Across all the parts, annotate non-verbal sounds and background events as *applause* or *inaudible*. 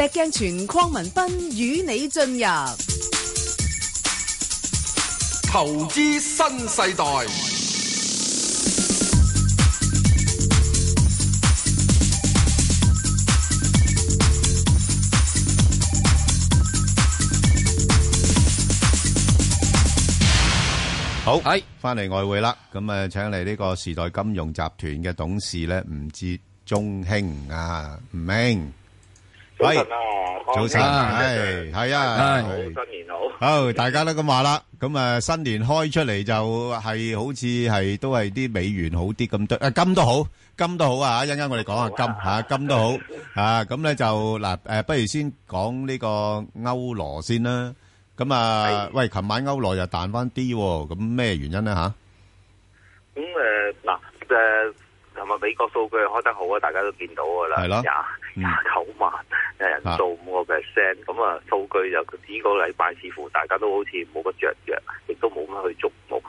石鏡泉鄺文斌與你進入投資新世代。好，係翻嚟外匯啦，咁啊，請嚟呢個時代金融集團嘅董事咧，吳捷鐘興啊，吳明。早晨啊，早晨，係係啊，好新年好，好大家都咁話啦，咁啊新年開出嚟就係好似係都係啲美元好啲咁多，啊金都好，金都好啊，一陣間我哋講下金吓，金都好啊，咁咧就嗱誒，不如先講呢個歐羅先啦，咁啊，喂，琴晚歐羅又彈翻啲，咁咩原因咧吓？咁誒嗱即係。啊！美國數據開得好啊，大家都見到噶啦，廿廿誒九萬人數五個 percent，咁啊數據就呢個禮拜似乎大家都好似冇乜雀躍，亦都冇乜去觸目。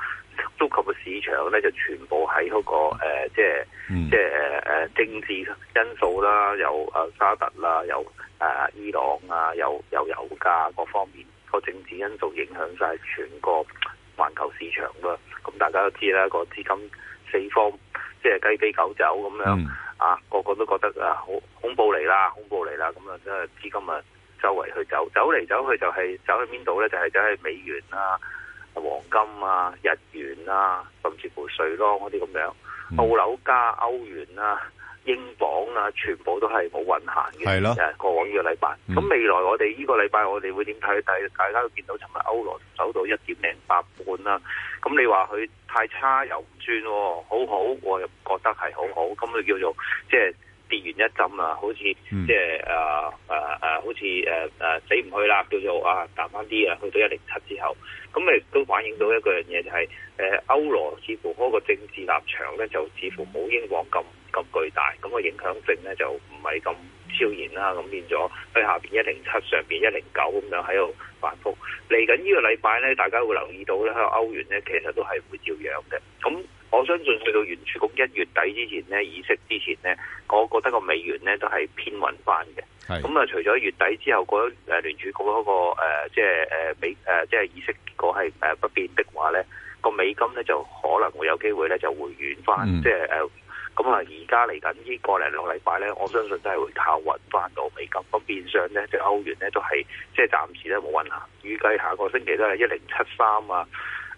足球嘅市場咧，就全部喺嗰個即係即係誒誒政治因素啦，有啊沙特啦，有啊、呃、伊朗啊，有又油價各方面個政治因素影響晒全個環球市場啊！咁大家都知啦，個資金四方。即係雞飛狗走咁樣，嗯、啊個個都覺得啊好恐怖嚟啦，恐怖嚟啦，咁啊即係資金啊周圍去走，走嚟走去就係、是、走去邊度咧？就係走去美元啊、黃金啊、日元啊，甚至乎瑞郎嗰啲咁樣，澳紐加歐元啊。英鎊啊，全部都係冇運行嘅，係咯，過往呢個禮拜。咁、嗯、未來我哋呢個禮拜我哋會點睇？大大家都見到，尋日歐羅走到一點零八半啦。咁你話佢太差又唔算，哦，好好我又覺得係好好。咁佢叫做即係、就是、跌完一針啊，好似即係誒誒誒，好似誒誒死唔去啦，叫做啊彈翻啲啊，去到一零七之後，咁亦都反映到一個樣嘢，就係誒歐羅似乎嗰個政治立場咧，就似乎冇英鎊咁巨大咁個影響性咧就唔係咁超然啦，咁變咗喺下邊一零七，上邊一零九咁樣喺度反覆嚟緊呢個禮拜咧，大家會留意到咧，喺歐元咧，其實都係會照樣嘅。咁我相信去到聯儲局一月底之前咧，議息之前咧，我覺得個美元咧都係偏穩翻嘅。咁啊，除咗月底之後嗰誒聯儲局嗰個誒即係誒美誒即係議息結果係誒不變的話咧，個美金咧就可能會有機會咧就回軟翻，即係誒。咁啊，而家嚟緊呢個零兩個禮拜咧，我相信都係會靠穩翻到美金咁。咁變相咧，即係歐元咧都係即係暫時咧冇運行。預計下個星期都係一零七三啊，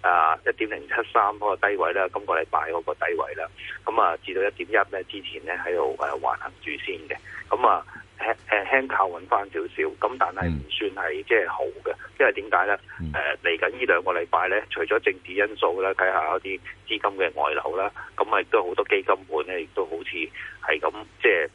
啊一點零七三嗰個低位啦，今個禮拜嗰個低位啦。咁啊，至到一點一咧之前咧喺度誒橫行住先嘅。咁啊。輕誒輕靠穩翻少少，咁但係唔算係即係好嘅，即係點解咧？誒嚟緊呢兩、嗯啊、個禮拜咧，除咗政治因素啦，睇下嗰啲資金嘅外流啦，咁啊亦都好多基金盤咧，亦都好似係咁即係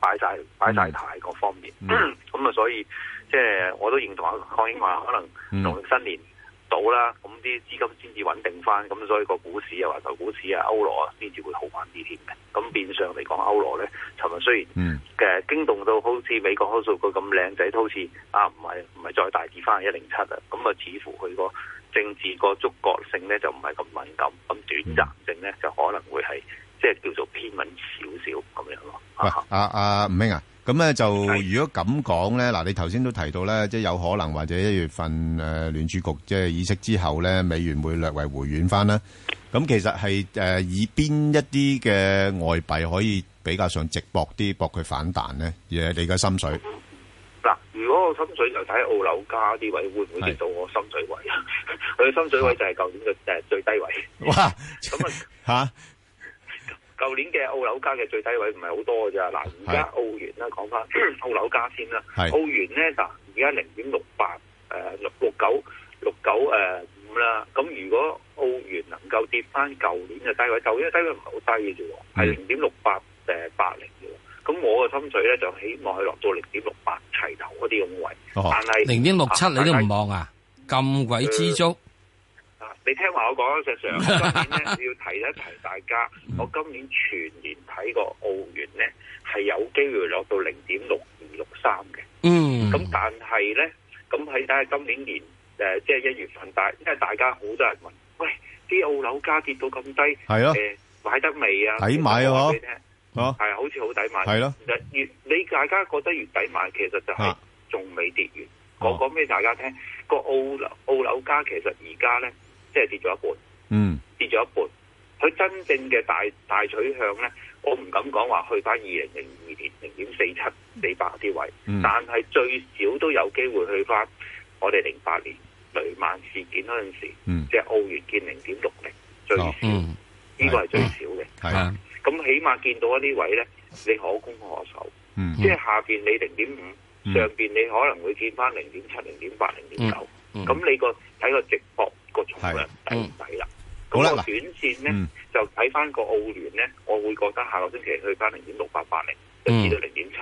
擺晒擺晒大各方面，咁啊所以即係、就是、我都認同啊，國英話可能農曆新年。到啦、嗯，咁啲資金先至穩定翻，咁所以個股市啊，或者股市啊、歐羅啊，先至會好玩啲添嘅。咁變相嚟講，歐羅咧，尋日雖然嘅驚動到好似美國開數據咁靚仔，都好似啊唔係唔係再大跌翻去一零七啦。咁啊，似乎佢個政治個觸覺性咧就唔係咁敏感，咁短暫性咧就可能會係即係叫做偏敏少少咁樣咯。喂，阿阿吳明啊。咁咧就如果咁講咧，嗱你頭先都提到咧，即係有可能或者一月份誒聯儲局即係議息之後咧，美元會略為回軟翻啦。咁其實係誒以邊一啲嘅外幣可以比較上值博啲博佢反彈咧？而係你嘅心水。嗱，如果我心水就睇澳樓加啲位會唔會跌到我心水位？佢心水位就係舊年嘅誒最低位。哇！嚇！舊年嘅澳樓價嘅最低位唔係好多嘅啫，嗱而家澳元啦，講翻是澳樓價先啦。是澳元咧就而家零點六八，誒六六九六九誒五啦。咁如果澳元能夠跌翻舊年嘅低位，舊年嘅低位唔係好低嘅啫，係零點六八誒八零嘅。咁、呃、我嘅心水咧就希望佢落到零點六八齊頭嗰啲咁嘅位，哦、但係零點六七你都唔望啊，咁鬼、呃、知足。你聽話我講啊，石常，今年咧我要提一提大家，我今年全年睇個澳元咧係有機會落到零點六二六三嘅。嗯，咁但係咧，咁係睇下今年年誒，即係一月份，但係因為大家好多人問，喂，啲澳樓價跌到咁低，係咯，誒，買得未啊？抵買啊！呵，啊，係啊，好似好抵買。係咯，越你大家覺得越抵買，其實就係仲未跌完。我講俾大家聽，個澳澳樓價其實而家咧。即係跌咗一半，嗯，跌咗一半。佢真正嘅大大取向呢，我唔敢講話去翻二零零二年零點四七四八啲位，但係最少都有機會去翻我哋零八年雷曼事件嗰陣時，即係澳元見零點六零最少，呢個係最少嘅。係咁起碼見到一啲位呢，你可攻可守。即係下邊你零點五，上邊你可能會見翻零點七、零點八、零點九。嗯，咁你個睇個直播。個重量抵唔抵啦？咁、嗯嗯、個短線咧、嗯、就睇翻個澳聯咧，我會覺得下個星期去翻零點六八八零，就至到零點七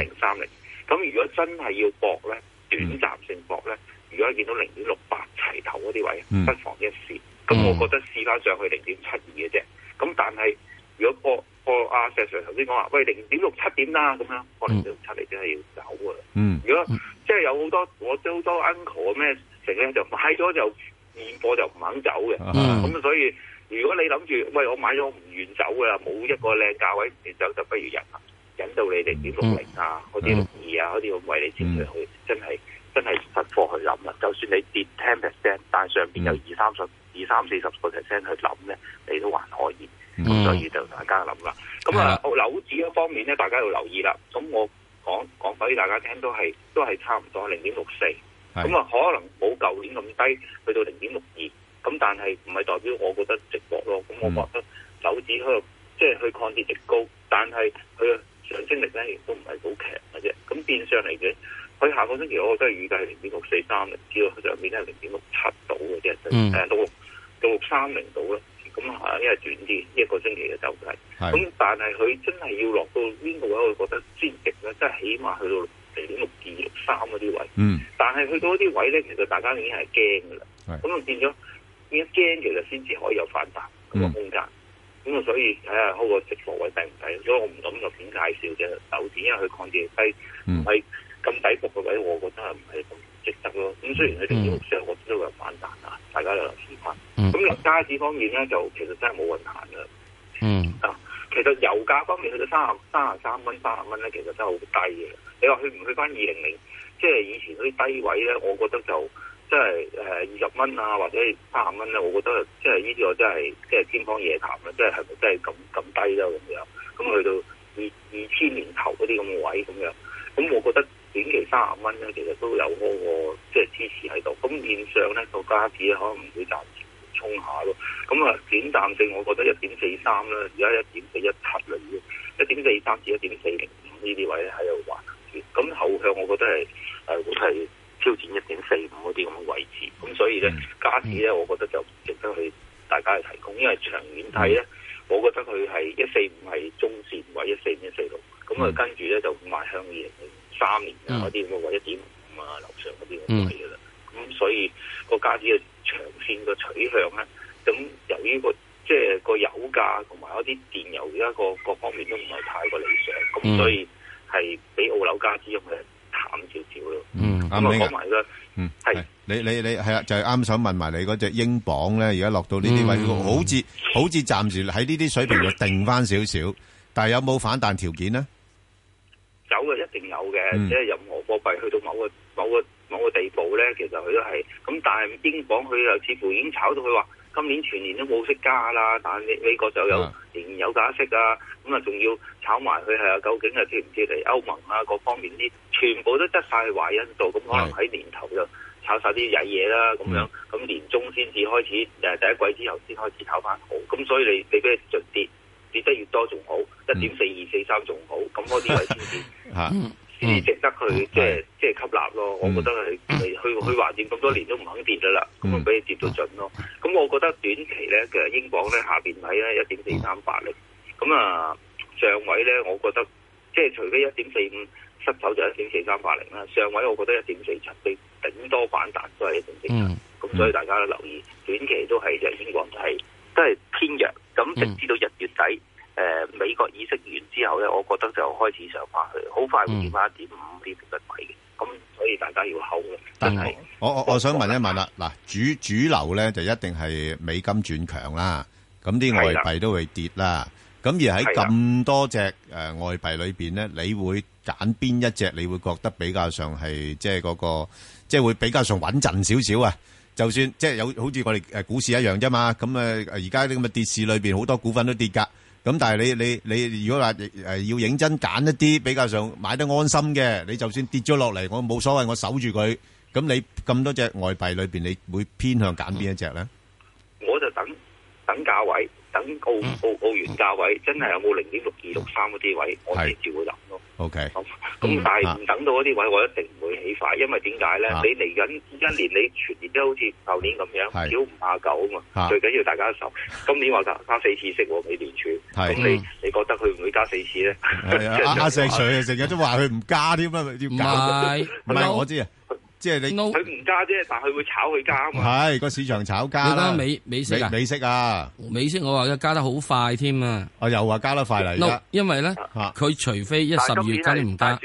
零三零。咁如果真係要搏咧，嗯、短暫性搏咧，如果見到零點六八齊頭嗰啲位，嗯、不妨一試。咁我覺得試翻上去零點七二嘅啫。咁但係如果我我阿石 Sir 頭先講話，喂零點六七點啦，咁樣零點七零真係要走噶啦。如果、那個那個、即係有好多我都好多 uncle 咩成咧就買咗就。見貨就唔肯走嘅，咁所以如果你諗住，喂、really, really so，我買咗我唔願走噶啦，冇一個靚價位，唔願走就不如人啊！引到你哋零點六零啊，嗰啲六二啊，嗰啲咁為你精準去，真係真係實貨去諗啊！就算你跌 ten percent，但係上邊有二三十、二三四十個 percent 去諗咧，你都還可以。咁所以就大家諗啦。咁啊，樓市嗰方面咧，大家要留意啦。咁我講講俾大家聽，都係都係差唔多零點六四。咁啊，是可能冇舊年咁低，去到零點六二，咁但係唔係代表我覺得直落咯。咁、嗯、我覺得手指喺度，即係佢抗跌值高，但係佢嘅上升力咧亦都唔係好強嘅啫。咁變相嚟嘅，佢下個星期我覺得預計係零點六四三，唔知啊，佢上面都係零點六七度嘅啫，誒六六六三零度啦。咁啊，因為短啲一個星期就走、是、曬。咁是但係佢真係要落到邊個位，我覺得先值咧，即係起碼去到。啲六二六三嗰啲位，嗯，但係去到嗰啲位咧，其實大家已經係驚噶啦，咁啊、嗯、變咗，變咗驚其實先至可以有反彈咁個空間，咁啊、嗯、所以睇下開個跌幅位抵唔抵？所以我唔敢就點介紹嘅樓市，因為佢抗跌低，唔係咁抵伏嘅位，我覺得係唔係咁值得咯。咁雖然佢啲六上我知道有反彈啊，大家有留意翻，咁樓傢俬方面咧就其實真係冇運行啦。嗯。啊其實油價方面去到三十三十三蚊、三十蚊咧，其實真係好低嘅。你話去唔去返二零零，即係以前嗰啲低位咧，我覺得就即係誒二十蚊啊，就是、或者三十蚊咧，我覺得即係呢啲個真係即係天方夜譚啦，即係係咪真係咁咁低咯咁樣？咁去到二二千年頭嗰啲咁嘅位咁樣，咁我覺得短期三十蚊咧，其實都有嗰個即係支持喺度。咁現上咧，這個價位可能唔會走。空下咯。咁啊短暫性，我覺得一點四三啦，而家一點四一七啦，已經一點四三至一點四零五呢啲位喺度橫住。咁後向我覺得係誒會係挑戰一點四五嗰啲咁嘅位置。咁所以咧，加市咧，我覺得就值得去大家去提供，因為長遠睇咧，我覺得佢係一四五係中線位，一四五、一四六，咁佢跟住咧就邁向二零零三年嗰啲咁嘅位，一點五啊樓上嗰啲咁嘅啦。咁所以個價錢嘅長線個取向咧，咁由於、那個即係、就是、個油價同埋一啲電油而家個各方面都唔係太過理想，咁、嗯、所以係比澳樓價錢用嘅淡少少咯。嗯，啱啱講埋啦。嗯，係。你你你係啊？就係、是、啱想問埋你嗰隻英鎊咧，而家落到呢啲位置、嗯好，好似好似暫時喺呢啲水平度定翻少少，但係有冇反彈條件呢？有嘅，一定有嘅，嗯、即係任何貨幣去到某個某個。英鎊佢又似乎已經炒到佢話，今年全年都冇息加啦，但美美國就有仍有加息啊，咁啊仲要炒埋佢係啊，究竟係脫唔脫離歐盟啊各方面啲，全部都得晒喺呢度，咁可能喺年頭就炒晒啲曳嘢啦，咁樣，咁年中先至開始誒第一季之後先開始炒翻好，咁所以你你俾佢盡跌，跌得越多仲好，一點四二四三仲好，咁嗰啲位先至嚇。值得去即係即係吸納咯， *noise* 我覺得係，去去橫掂咁多年都唔肯跌嘅啦，咁咪俾你接到盡咯。咁我覺得短期咧嘅英鎊咧下邊睇咧一點四三八零，咁 *noise* 啊上位咧，我覺得即係除非一點四五失守，就一點四三八零啦。上位我覺得一點四七，你頂多反彈都係一點四七。咁 *noise* *noise* 所以大家留意短期都係就係英鎊，就係都係偏弱，咁直至到一月底。 *noise* *noise* 美國議息完之後咧，我覺得就開始上爬去，好快會跌返一點五呢個位嘅。咁所以大家要厚嘅，但係我我我想問一問啦。嗱，主主流咧就一定係美金轉強啦，咁啲外幣都會跌啦。咁而喺咁多隻誒外幣裏邊咧，你會揀邊一隻？你會覺得比較上係即係嗰個即係會比較上穩陣少少啊？就算即係有好似我哋誒股市一樣啫嘛。咁誒而家啲咁嘅跌市裏邊好多股份都跌㗎。咁但係你你你如果話誒要認真揀一啲比較上買得安心嘅，你就算跌咗落嚟，我冇所謂，我守住佢。咁你咁多隻外幣裏邊，你會偏向揀邊一隻咧？我就等等價位。等澳澳澳元價位真係有冇零點六二六三嗰啲位，我先至會諗咯。OK，咁但係唔等到嗰啲位，我一定唔會起快，因為點解咧？你嚟緊一年，你全年都好似舊年咁樣，少五下九啊嘛。最緊要大家受。今年話加四次息喎，美聯儲。咁你你覺得佢唔會加四次咧？加石垂成日都話佢唔加添啊，唔係唔係我知啊。即係你，佢唔加啫，但係佢會炒佢加啊嘛。係個市場炒加啦。你睇美美息啊？美息啊？美息我話要加得好快添啊！我又話加得快嚟啦。因為咧，佢除非一十二月加唔加，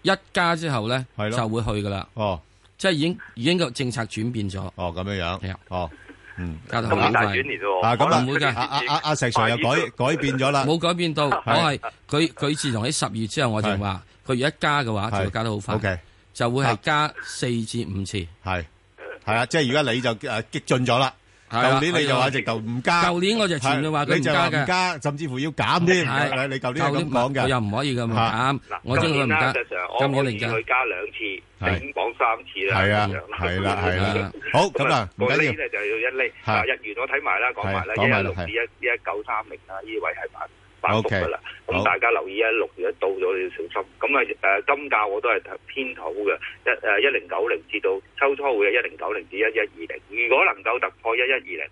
一加之後咧，就會去噶啦。哦，即係已經已經個政策轉變咗。哦咁樣樣。係啊。哦。嗯。咁啊大轉年啫喎。啊咁啊唔會噶。阿阿阿石 Sir 又改改變咗啦。冇改變到，我係佢佢自從喺十月之後，我就話佢一加嘅話就會加得好快。ok 就會係加四至五次，係係啊，即係如果你就誒激進咗啦。舊年你就話直頭唔加，舊年我就前兩話佢唔加，甚至乎要減添。你舊年係咁講嘅，又唔可以咁嘛。啱，我中意佢唔加。今年佢加兩次，頂講三次啦。係啊，係啦，係啦。好，咁啊，我呢啲咧就要一厘。嗱，日圓我睇埋啦，講埋啦，一六一一九三零啊，呢位係乜？反覆噶啦，咁 Okay.、嗯、大家留意一六月一到咗，要小心。咁啊誒，金、呃、價我都係偏好嘅，一誒一零九零至到，秋初會係一零九零至一一二零。如果能夠突破一一二零，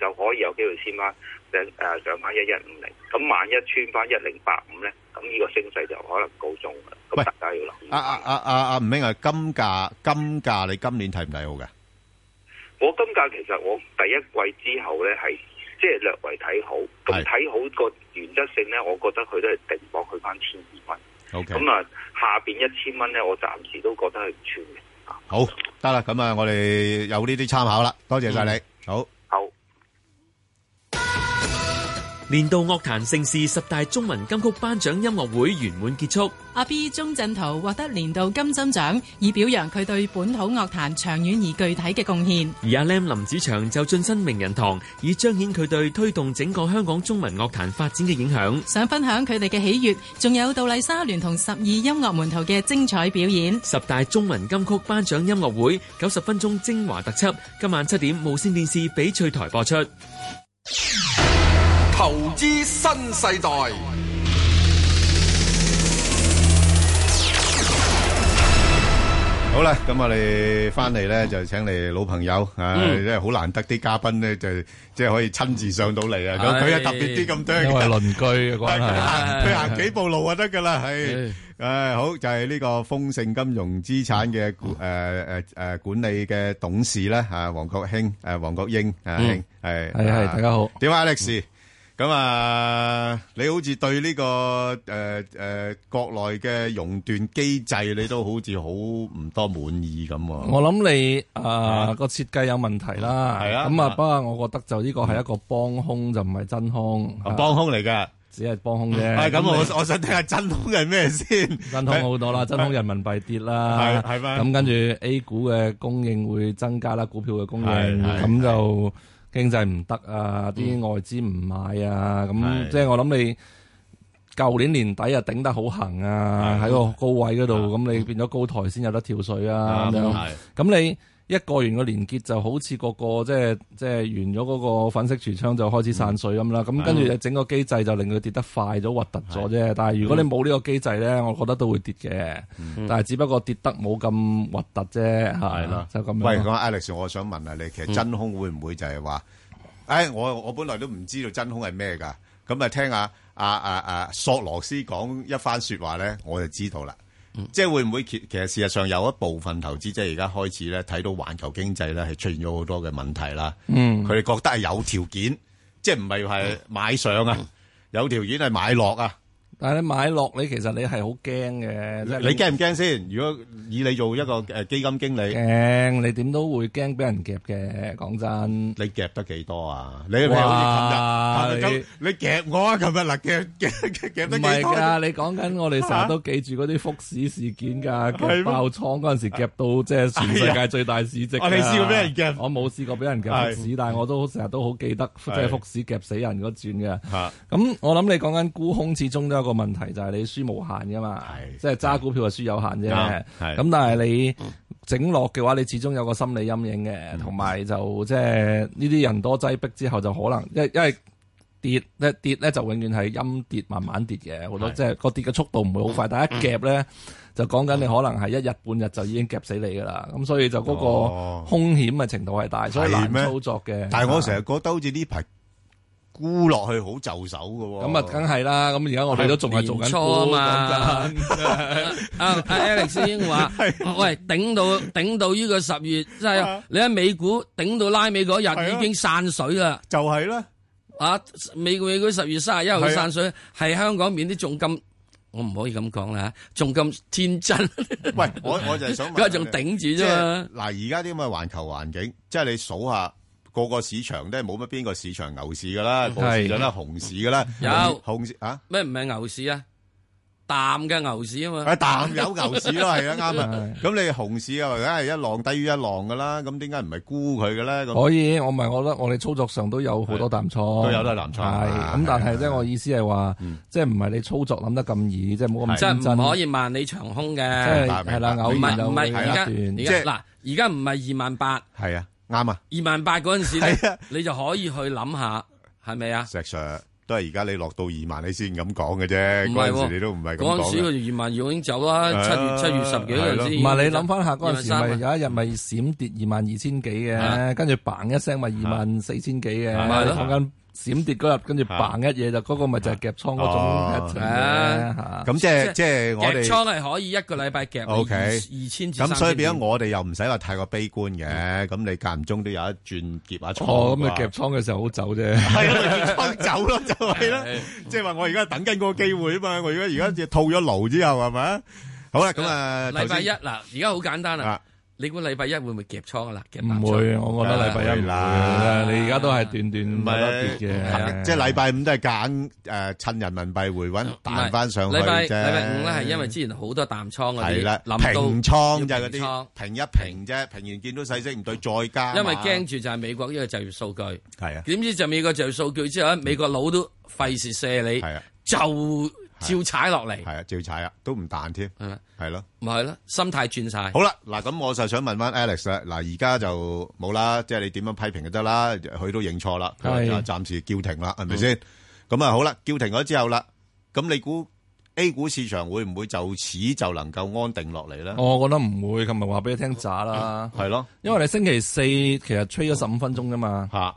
就可以有機會先翻、呃、上誒上翻一一五零。咁萬一穿翻一零八五咧，咁、這、呢個升勢就可能告終。咁、嗯、喂大家要留意。阿阿阿阿阿吳明啊，金價金價,金價你今年睇唔睇好嘅？我金價其實我第一季之後咧係。即係略為睇好，咁睇是好個原則性咧，我覺得佢都係定博佢翻千二蚊。咁啊 Okay.、嗯，下邊一千蚊咧，我暫時都覺得係唔穿嘅。好得啦，咁啊，我哋有呢啲參考啦。多謝晒你。嗯、好。年度樂壇盛事十大中文金曲頒獎音樂會圓滿結束，阿 B 鍾鎮濤獲得年度金針獎，以表揚佢對本土樂壇長遠而具體嘅貢獻。而阿 Lam 林子祥就晉身名人堂，以彰顯佢對推動整個香港中文樂壇發展嘅影響。想分享佢哋嘅喜悅，仲有杜麗莎聯同十二音樂門徒嘅精彩表演。十大中文金曲頒獎音樂會九十分鐘精華特輯，今晚七點無綫電視翡翠台播出。投資新世代好啦，咁我哋翻嚟咧就請嚟老朋友啊，即係好難得啲嘉賓咧，就即係可以親自上到嚟啊。佢係特別啲咁多嘅鄰居，佢行幾步路就得噶啦。係誒，好就係呢個豐盛金融資產嘅誒誒誒管理嘅董事咧啊，黃國興誒，黃國英啊，興係係大家好，點啊，Alex。咁啊，你好似對呢個誒誒國內嘅熔斷機制，你都好似好唔多滿意咁喎。我諗你啊個設計有問題啦。係啊。咁啊，不過，我覺得就呢個係一個幫兇就唔係真兇。幫兇嚟噶，只係幫兇啫。係咁，我我想聽下真兇係咩先？真兇好多啦，真兇人民幣跌啦，係嘛。咁跟住 A 股嘅供應會增加啦，股票嘅供應咁就。經濟唔得啊，啲、嗯、外資唔買啊，咁的即係我諗你舊年年底啊頂得好行啊，喺的個高位嗰度，咁的你變咗高台先有得跳水啊，咁的樣，咁的你。一個完個連結就好似個個即係即係完咗嗰個粉飾櫥窗，就開始散水咁啦，咁、嗯、跟住整個機制就令佢跌得快咗，核突咗啫。嗯、但係如果你冇呢個機制咧，我覺得都會跌嘅，嗯、但係只不過跌得冇咁核突啫，係啦、嗯，就咁。喂，講 Alex，我想問下你，其實真空會唔會就係、是、話？誒、嗯哎，我我本來都唔知道真空係咩㗎，咁啊聽下阿阿阿索羅斯講一番説話咧，我就知道啦。即係會唔會，其其實事實上有一部分投資者而家開始咧睇到環球經濟咧係出現咗好多嘅問題啦，嗯，佢哋覺得係有條件，即係唔係係買上啊，嗯、有條件係買落啊。但係你買落，你其實你係好驚嘅。你驚唔驚先？如果以你做一個誒基金經理，驚你點都會驚俾人夾嘅。講真，你夾得幾多啊？哇！你夾我啊，琴日嗱夾夾夾夾得幾多？唔係噶，你講緊我哋成日都記住嗰啲福士事件噶，爆倉嗰陣時夾到即係全世界最大市值。我你試過俾人夾？我冇試過俾人夾福士，但係我都成日都好記得即係福士夾死人嗰轉嘅。咁我諗你講緊沽空，始終都有。個問題就係你輸無限噶嘛，即係揸股票係輸有限啫。咁但係你整落嘅話，你始終有個心理陰影嘅，同埋就即係呢啲人多擠逼之後，就可能一因為跌咧跌咧就永遠係陰跌，慢慢跌嘅。好多即係個跌嘅速度唔會好快，但一夾咧就講緊你可能係一日半日就已經夾死你噶啦。咁所以就嗰個風險嘅程度係大，所以難操作嘅。但係我成日覺得好似呢排。沽落去好就手㗎，咁啊，梗係啦。咁而家我哋都仲係做緊沽嘛。阿 Alex 先話，喂，頂到頂到呢個十月，即係、啊、你喺美股頂到拉尾嗰日已經散水啦、啊。就係、是、啦，啊，美股美股十月卅一號散水，係、啊啊、香港面啲仲咁，我唔可以咁講啦，仲咁天真。 *laughs* 喂，我我，我就係想，佢仲頂住啫。嗱、就是，而家啲咁嘅環球環境，即、就、係、是、你數下。個個市場都係冇乜邊個市場牛市噶啦，冇市咁啦，熊市噶啦，有熊市啊？咩唔係牛市啊？淡嘅牛市啊嘛，係淡有牛市咯，係啊，啱啊。咁你熊市又梗係一浪低於一浪噶啦，咁點解唔係沽佢嘅咧？可以，我唔係覺得我哋操作上都有好多淡錯，都有得難錯。係咁，但係咧，我意思係話，即係唔係你操作諗得咁易，即係冇咁。真唔可以萬里長空嘅，係啦，牛市唔係而家，即係嗱，而家唔係二萬八，係啊。啱啊，二萬八嗰陣時你就可以去諗下係咪啊？石 sir 都係而家你落到二萬你先咁講嘅啫，嗰陣時你都唔係咁講。嗰陣時佢二萬二已經走啦，七月七月十幾日先。唔係你諗翻下嗰陣時咪有一日咪閃跌二萬二千幾嘅，跟住嘭一聲咪二萬四千幾嘅，係咯。閃跌嗰日，跟住嘭一嘢、嗰個、就，嗰個咪就係夾倉嗰種，咁、啊啊嗯嗯嗯、即係即係我哋夾倉係可以一個禮拜夾二二千字，咁所以變咗我哋又唔使話太過悲觀嘅，咁你間唔中都有一轉夾下倉。哦，咁啊夾倉嘅時候好走啫，係啊，倉走咯，就係啦，即係話我而家等緊嗰個機會啊嘛，我而家而家只套咗牢之後係咪啊？好啦，咁啊，禮拜一嗱，而家好簡單啦。你估禮拜一會唔會夾倉噶啦？唔會，我覺得禮拜一唔會啦。你而家都係段段唔係得跌嘅，即係禮拜五都係揀誒趁人民幣回穩彈翻上去啫。禮拜禮拜五咧係因為之前好多淡倉啊，係啦，平倉就係嗰啲平一平啫，平完見到細息唔對，再加。因為驚住就係美國呢個就業數據，係啊，點知就美國就業數據之後咧，美國佬都費事射你，就。照踩落嚟，係啊，照踩啊，都唔彈添，係咯的，唔係咯，心態轉晒。好啦，嗱咁，我就想問翻 Alex 啦，嗱而家就冇啦，即係你點樣批評就得啦，佢都認錯啦，係暫的時叫停啦，係咪先？咁啊、嗯、好啦，叫停咗之後啦，咁你估 A 股市場會唔會就此就能夠安定落嚟咧？我覺得唔會，今日話俾你聽渣啦？係咯，啊、因為你星期四其實吹咗十五分鐘噶嘛，吓、嗯，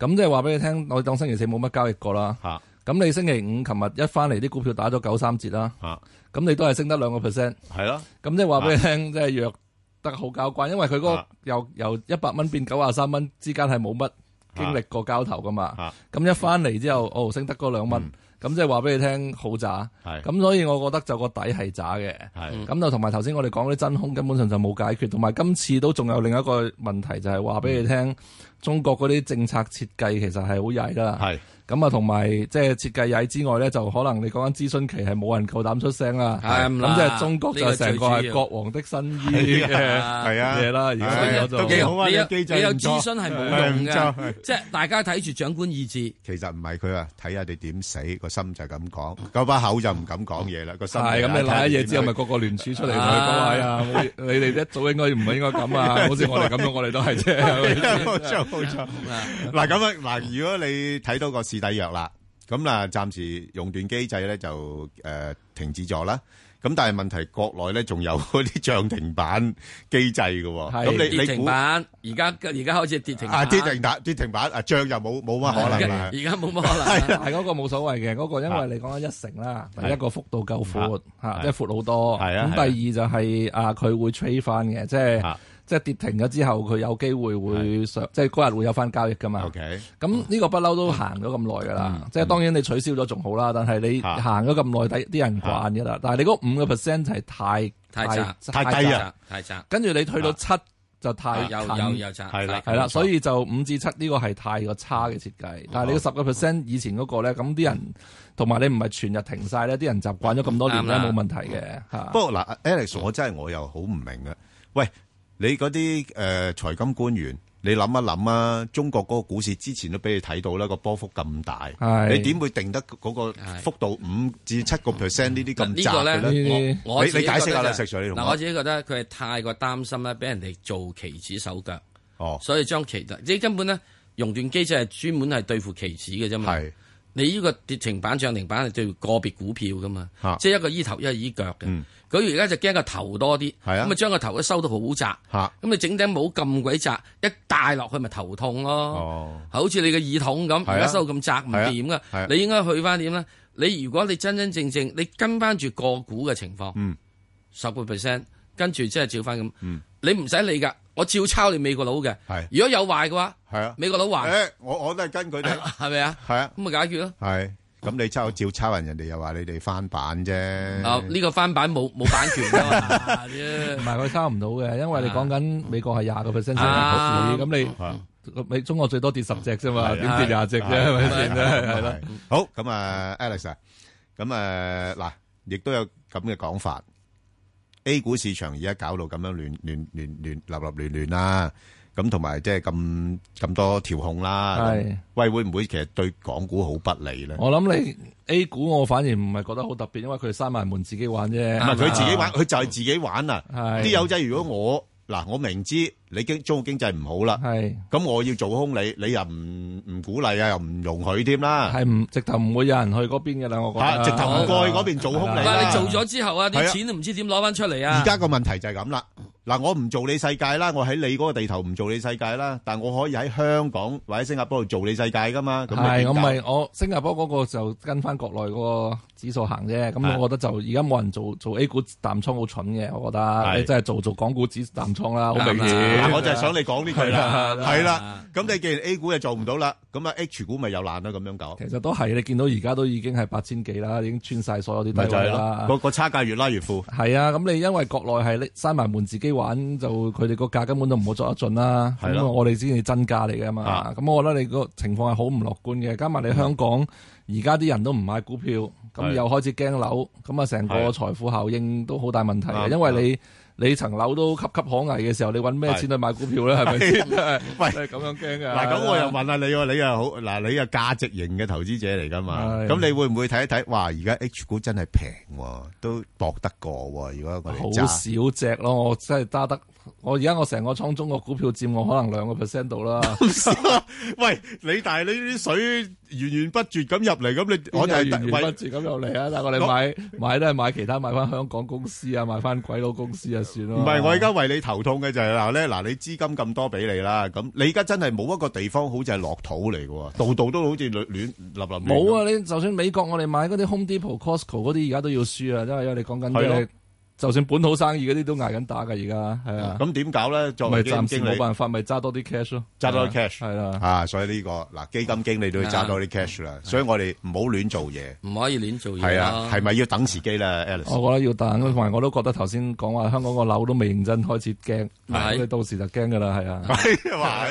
咁即係話俾你聽，我當星期四冇乜交易過啦，吓、啊。咁你星期五琴日一翻嚟啲股票打咗九三折啦，咁、啊、你都係升得兩個 percent，係咯，咁即係話俾你聽，即係弱得好交關，因為佢嗰個由、啊、由一百蚊變九十三蚊之間係冇乜經歷過交投噶嘛，咁、啊、一翻嚟之後、啊、哦升得嗰兩蚊。嗯咁即係話俾你聽，好渣。係咁，所以我覺得就個底係渣嘅。係咁就同埋頭先我哋講啲真空根本上就冇解決，同埋今次都仲有另一個問題，就係話俾你聽，中國嗰啲政策設計其實係好曳㗎啦。係咁啊，同埋即係設計曳之外咧，就可能你講緊諮詢期係冇人夠膽出聲啦。係咁，即係中國就成個係國王的新衣嘅啊嘢啦。而家都幾好啊！你有諮詢係冇用嘅，即係大家睇住長官意志。其實唔係佢啊，睇下你點死。心就咁講，嗰把口就唔敢講嘢啦。個心係咁，哎、你賴咗嘢之後，咪個個聯署出嚟同你講係啊！你哋一早應該唔係應該咁啊！ *laughs* 好似我哋咁樣，我哋都係啫。冇 *laughs* 錯，冇錯。嗱咁樣，嗱，如果你睇到個市底弱啦。咁啦，暫時熔斷機制咧就誒停止咗啦。咁但係問題國內咧仲有嗰啲漲停板機制嘅喎。係跌停板，而家而家開始跌停。啊跌停板跌停板啊漲又冇，冇乜可能啦。而家冇乜可能係係嗰個冇所謂嘅嗰個，因為你講緊一成啦，第一個幅度夠闊嚇，即係闊好多。係啊。咁第二就係啊佢會 trade 翻嘅，即係。即係跌停咗之後，佢有機會會上，即係嗰日會有翻交易噶嘛？咁呢個不嬲都行咗咁耐噶啦。即係當然你取消咗仲好啦，但係你行咗咁耐，啲啲人慣噶啦。但係你嗰五個 percent 就係太太太低啦。太窄，跟住你去到七就太有有有窄，係啦，係啦。所以就五至七呢個係太過差嘅設計。但係你十個 percent 以前嗰個咧，咁啲人同埋你唔係全日停晒咧，啲人習慣咗咁多年咧，冇問題嘅吓。不過嗱，Alex，我真係我又好唔明嘅，喂。你嗰啲誒財金官員，你諗一諗啊，中國嗰個股市之前都俾你睇到啦，個波幅咁大，是你點會定得嗰個幅度五至七個 percent 呢啲咁窄？呢個咧，我你解釋下啦、喔，石 Sir，我嗱，我自己覺得佢係太過擔心啦，俾人哋做期指手腳，哦、所以將期指，你根本咧熔斷機制係專門係對付期指嘅啫嘛。你呢個跌停板、漲停板係對個別股票噶嘛，言即係一個依頭，一個依腳嘅。佢而家就驚個頭多啲，咁咪將個頭都收到好窄，咁你整頂帽咁鬼窄，一戴落去咪頭痛咯，哦好似你嘅耳筒咁，而家收咁窄唔掂噶，你應該去翻點咧？你如果你真真正正，你跟翻住個股嘅情況，十個 percent，跟住即係照翻咁，你唔使理噶，我照抄你美國佬嘅，如果有壞嘅話，美國佬壞，我我都係跟佢哋，係咪啊？係啊，咁咪解決咯。咁你抄照抄人，人哋又話你哋翻版啫。哦，呢個翻版冇冇版權㗎嘛啫，唔係佢抄唔到嘅，因為你講緊美國係廿個 percent 升咁，你美中國最多跌十隻啫嘛，點跌廿隻啫？係咪先？係咯。好，咁啊，Alex，咁啊，嗱，亦都有咁嘅講法。A 股市場而家搞到咁樣亂亂亂亂，立立亂亂啦。咁同埋即係咁咁多調控啦，喂，會唔會其實對港股好不利咧？我諗你 A 股，我反而唔係覺得好特別，因為佢閂埋門自己玩啫。唔係佢自己玩，佢就係自己玩啊！啲友仔，如果我嗱，我明知你經中國經濟唔好啦，咁我要做空你，你又唔唔鼓勵啊，又唔容許添啦，係唔直頭唔會有人去嗰邊嘅啦，我覺得，直頭過去嗰邊做空你。但係你做咗之後啊，啲錢都唔知點攞翻出嚟啊！而家個問題就係咁啦。嗱，我唔做你世界啦，我喺你嗰個地頭唔做你世界啦，但我可以喺香港或者新加坡度做你世界噶嘛，咁咪咁係我咪我，新加坡嗰個就跟翻國內個。指數行啫，咁我覺得就而家冇人做做 A 股淡倉好蠢嘅。我覺得，是你真係做做港股指淡倉啦，好明顯、呃。我就係想你講呢句啦，係啦。咁你既然 A 股又做唔到啦，咁啊 H 股咪又難啦。咁樣搞其實都係你見到而家都已經係八千幾啦，已經穿晒所有啲低位啦。個個差價越拉越富係啊。咁你因為國內係閂埋門自己玩，就佢哋個價根本都唔好做得盡啦。咁的我哋先係真價嚟嘅嘛。咁的我覺得你個情況係好唔樂觀嘅。加埋你香港而家啲人都唔買股票。咁又開始驚樓，咁啊成個財富效應都好大問題嘅，因為你你層樓都岌岌可危嘅時候，你揾咩錢去買股票咧？係咪先？喂，咁樣驚噶？嗱，咁我又問下你，你又好，嗱，你又價值型嘅投資者嚟噶嘛？咁你會唔會睇一睇？哇，而家 H 股真係平，都博得過，如果一個好少隻咯，我真係揸得。我而家我成個倉中個股票佔我可能兩個 percent 度啦。 *laughs* 喂，你但係你啲水源源不絕咁入嚟，咁你我係源源不絕咁入嚟啊！喂但係我哋買我買都係買其他，買翻香港公司啊，買翻鬼佬公司啊，算咯。唔係，我而家為你頭痛嘅就係嗱咧，嗱你資金咁多俾你啦，咁你而家真係冇一個地方好似係落土嚟嘅，度度都好似亂亂立立。冇啊！你就算美國，我哋買嗰啲 Home Depot、Costco 嗰啲，而家都要輸啊！因為你講緊即就算本土生意嗰啲都挨緊打噶而家，係啊，咁點搞咧？作為暫時冇辦法，咪揸多啲 cash 咯，揸多啲 cash 係啦，啊，所以呢個嗱基金經理都要揸多啲 cash 啦，所以我哋唔好亂做嘢，唔可以亂做嘢，係啊，係咪要等時機啦？Alice，我覺得要等，同埋我都覺得頭先講話香港個樓都未認真開始驚，到時就驚噶啦，係啊。